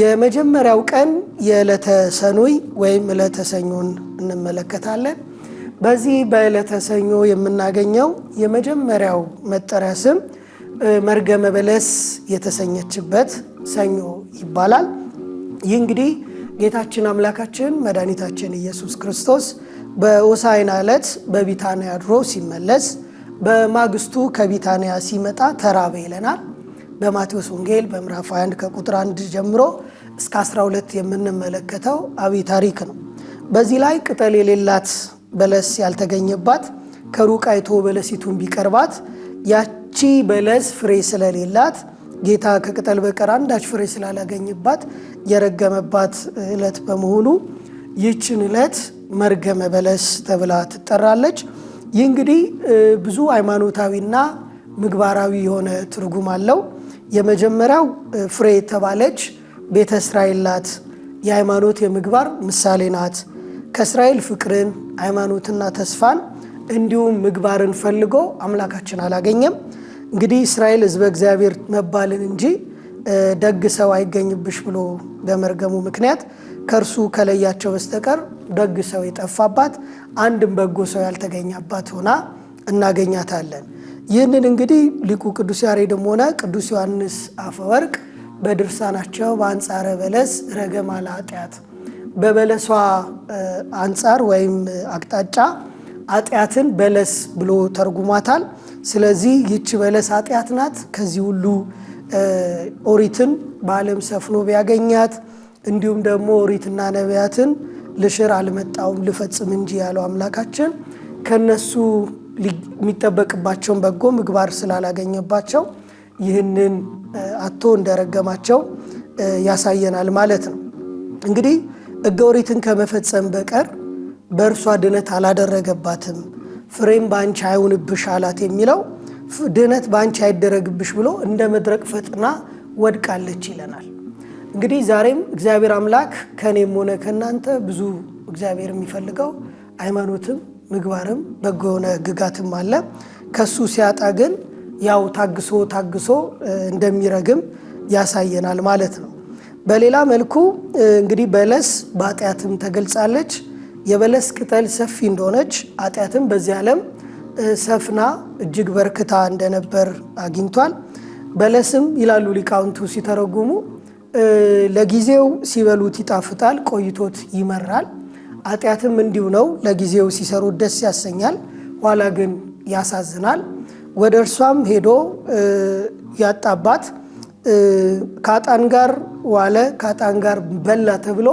የመጀመሪያው ቀን የዕለተ ሰኑይ ወይም ዕለተ ሰኞን እንመለከታለን። በዚህ በዕለተ ሰኞ የምናገኘው የመጀመሪያው መጠሪያ ስም መርገመ በለስ የተሰኘችበት ሰኞ ይባላል። ይህ እንግዲህ ጌታችን አምላካችን መድኃኒታችን ኢየሱስ ክርስቶስ በሆሳዕና ዕለት በቢታንያ አድሮ ሲመለስ በማግስቱ ከቢታንያ ሲመጣ ተራበ ይለናል። በማቴዎስ ወንጌል በምዕራፍ 21 ከቁጥር 1 ጀምሮ እስከ 12 የምንመለከተው አብይ ታሪክ ነው። በዚህ ላይ ቅጠል የሌላት በለስ ያልተገኘባት ከሩቅ አይቶ በለሲቱን ቢቀርባት ያቺ በለስ ፍሬ ስለሌላት ጌታ ከቅጠል በቀር አንዳች ፍሬ ስላላገኝባት የረገመባት ዕለት በመሆኑ ይህችን ዕለት መርገመ በለስ ተብላ ትጠራለች። ይህ እንግዲህ ብዙ ሃይማኖታዊና ምግባራዊ የሆነ ትርጉም አለው። የመጀመሪያው ፍሬ ተባለች። ቤተ እስራኤል ናት። የሃይማኖት የምግባር ምሳሌ ናት። ከእስራኤል ፍቅርን፣ ሃይማኖትና ተስፋን እንዲሁም ምግባርን ፈልጎ አምላካችን አላገኘም። እንግዲህ እስራኤል ሕዝበ እግዚአብሔር መባልን እንጂ ደግ ሰው አይገኝብሽ ብሎ በመርገሙ ምክንያት ከእርሱ ከለያቸው በስተቀር ደግ ሰው የጠፋባት አንድም በጎ ሰው ያልተገኛባት ሆና እናገኛታለን። ይህንን እንግዲህ ሊቁ ቅዱስ ያሬድም ሆነ ቅዱስ ዮሐንስ አፈወርቅ በድርሳናቸው በአንጻረ በለስ ረገማ ለኃጢአት በበለሷ አንጻር ወይም አቅጣጫ ኃጢአትን በለስ ብሎ ተርጉሟታል። ስለዚህ ይቺ በለስ አጥያት ናት። ከዚህ ሁሉ ኦሪትን በዓለም ሰፍኖ ቢያገኛት እንዲሁም ደግሞ ኦሪትና ነቢያትን ልሽር አልመጣውም ልፈጽም እንጂ ያለው አምላካችን ከነሱ የሚጠበቅባቸውን በጎ ምግባር ስላላገኘባቸው ይህንን አቶ እንደረገማቸው ያሳየናል ማለት ነው። እንግዲህ ሕገ ኦሪትን ከመፈጸም በቀር በእርሷ ድነት አላደረገባትም። ፍሬም በአንቺ አይሁንብሽ አላት የሚለው ድነት በአንቺ አይደረግብሽ ብሎ እንደ መድረቅ ፈጥና ወድቃለች ይለናል። እንግዲህ ዛሬም እግዚአብሔር አምላክ ከእኔም ሆነ ከእናንተ ብዙ እግዚአብሔር የሚፈልገው ሃይማኖትም፣ ምግባርም በጎ የሆነ ግጋትም አለ። ከሱ ሲያጣ ግን ያው ታግሶ ታግሶ እንደሚረግም ያሳየናል ማለት ነው። በሌላ መልኩ እንግዲህ በለስ በኃጢአትም ተገልጻለች። የበለስ ቅጠል ሰፊ እንደሆነች ኃጢአትም በዚህ ዓለም ሰፍና እጅግ በርክታ እንደነበር አግኝቷል። በለስም ይላሉ ሊቃውንቱ ሲተረጉሙ ለጊዜው ሲበሉት ይጣፍጣል፣ ቆይቶት ይመራል። ኃጢአትም እንዲሁ ነው። ለጊዜው ሲሰሩት ደስ ያሰኛል፣ ኋላ ግን ያሳዝናል። ወደ እርሷም ሄዶ ያጣባት ከአጣን ጋር ዋለ፣ ከአጣን ጋር በላ ተብሎ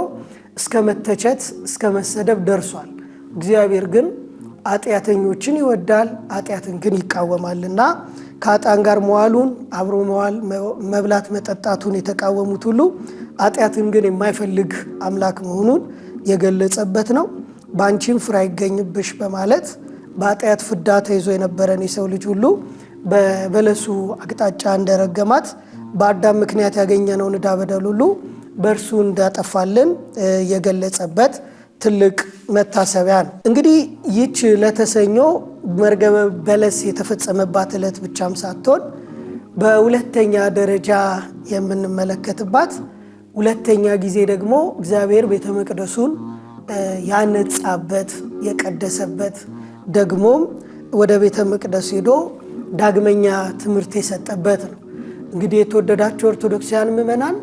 እስከ መተቸት እስከ መሰደብ ደርሷል። እግዚአብሔር ግን አጢአተኞችን ይወዳል፣ አጢአትን ግን ይቃወማልና ከአጣን ጋር መዋሉን አብሮ መዋል መብላት መጠጣቱን የተቃወሙት ሁሉ አጢአትን ግን የማይፈልግ አምላክ መሆኑን የገለጸበት ነው። በአንቺም ፍሬ አይገኝብሽ በማለት በኃጢአት ፍዳ ተይዞ የነበረን የሰው ልጅ ሁሉ በበለሱ አቅጣጫ እንደረገማት በአዳም ምክንያት ያገኘነውን ዕዳ በደል ሁሉ በእርሱ እንዳጠፋልን የገለጸበት ትልቅ መታሰቢያ ነው። እንግዲህ ይች ለተሰኞ መርገበ በለስ የተፈጸመባት ዕለት ብቻም ሳትሆን በሁለተኛ ደረጃ የምንመለከትባት ሁለተኛ ጊዜ ደግሞ እግዚአብሔር ቤተ መቅደሱን ያነጻበት የቀደሰበት ደግሞም ወደ ቤተ መቅደስ ሄዶ ዳግመኛ ትምህርት የሰጠበት ነው። እንግዲህ የተወደዳቸው ኦርቶዶክሳውያን ምመናን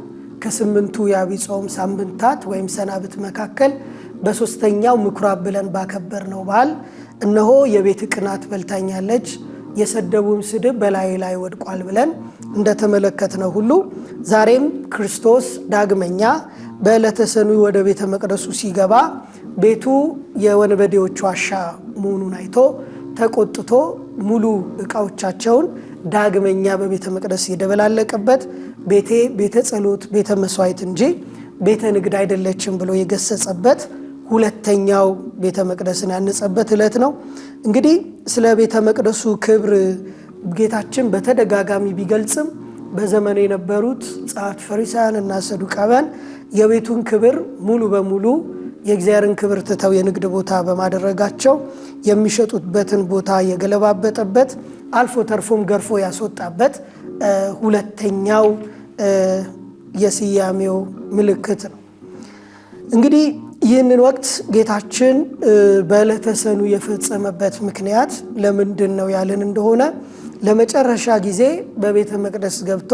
ከስምንቱ የዐቢይ ጾም ሳምንታት ወይም ሰናብት መካከል በሶስተኛው ምኩራብ ብለን ባከበር ነው በዓል እነሆ የቤት ቅናት በልታኛለች፣ የሰደቡም ስድብ በላዬ ላይ ወድቋል ብለን እንደተመለከትነው ሁሉ ዛሬም ክርስቶስ ዳግመኛ በዕለተ ሰኑይ ወደ ቤተ መቅደሱ ሲገባ ቤቱ የወንበዴዎች ዋሻ መሆኑን አይቶ ተቆጥቶ ሙሉ እቃዎቻቸውን ዳግመኛ በቤተ መቅደስ የደበላለቀበት ቤቴ ቤተ ጸሎት፣ ቤተ መስዋዕት እንጂ ቤተ ንግድ አይደለችም ብሎ የገሰጸበት ሁለተኛው ቤተ መቅደስን ያነጸበት ዕለት ነው። እንግዲህ ስለ ቤተ መቅደሱ ክብር ጌታችን በተደጋጋሚ ቢገልጽም በዘመኑ የነበሩት ጸሐፍት ፈሪሳውያን እና ሰዱቃውያን የቤቱን ክብር ሙሉ በሙሉ የእግዚአብሔርን ክብር ትተው የንግድ ቦታ በማደረጋቸው የሚሸጡበትን ቦታ የገለባበጠበት አልፎ ተርፎም ገርፎ ያስወጣበት ሁለተኛው የስያሜው ምልክት ነው። እንግዲህ ይህንን ወቅት ጌታችን በዕለተ ሰኑዕ የፈጸመበት ምክንያት ለምንድን ነው ያለን እንደሆነ ለመጨረሻ ጊዜ በቤተ መቅደስ ገብቶ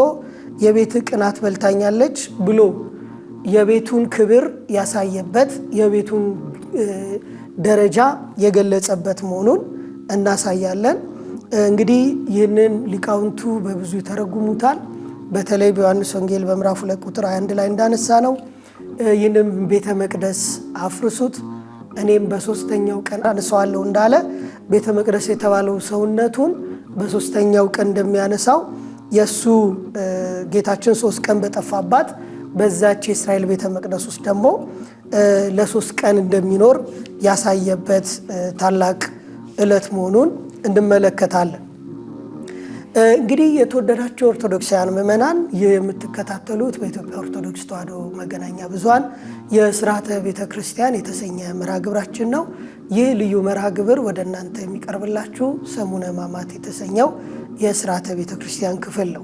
የቤት ቅናት በልታኛለች ብሎ የቤቱን ክብር ያሳየበት የቤቱን ደረጃ የገለጸበት መሆኑን እናሳያለን። እንግዲህ ይህንን ሊቃውንቱ በብዙ ይተረጉሙታል። በተለይ በዮሐንስ ወንጌል በምዕራፍ ሁለት ቁጥር 21 ላይ እንዳነሳ ነው ይህንም ቤተ መቅደስ አፍርሱት እኔም በሶስተኛው ቀን አነሳዋለሁ እንዳለ ቤተ መቅደስ የተባለው ሰውነቱን በሶስተኛው ቀን እንደሚያነሳው የእሱ ጌታችን ሶስት ቀን በጠፋባት በዛች የእስራኤል ቤተ መቅደስ ውስጥ ደግሞ ለሶስት ቀን እንደሚኖር ያሳየበት ታላቅ ዕለት መሆኑን እንመለከታለን። እንግዲህ የተወደዳቸው ኦርቶዶክሳውያን ምእመናን የምትከታተሉት በኢትዮጵያ ኦርቶዶክስ ተዋሕዶ መገናኛ ብዙኃን የስርዓተ ቤተ ክርስቲያን የተሰኘ መርሃ ግብራችን ነው። ይህ ልዩ መርሃ ግብር ወደ እናንተ የሚቀርብላችሁ ሰሙነ ሕማማት የተሰኘው የስርዓተ ቤተ ክርስቲያን ክፍል ነው።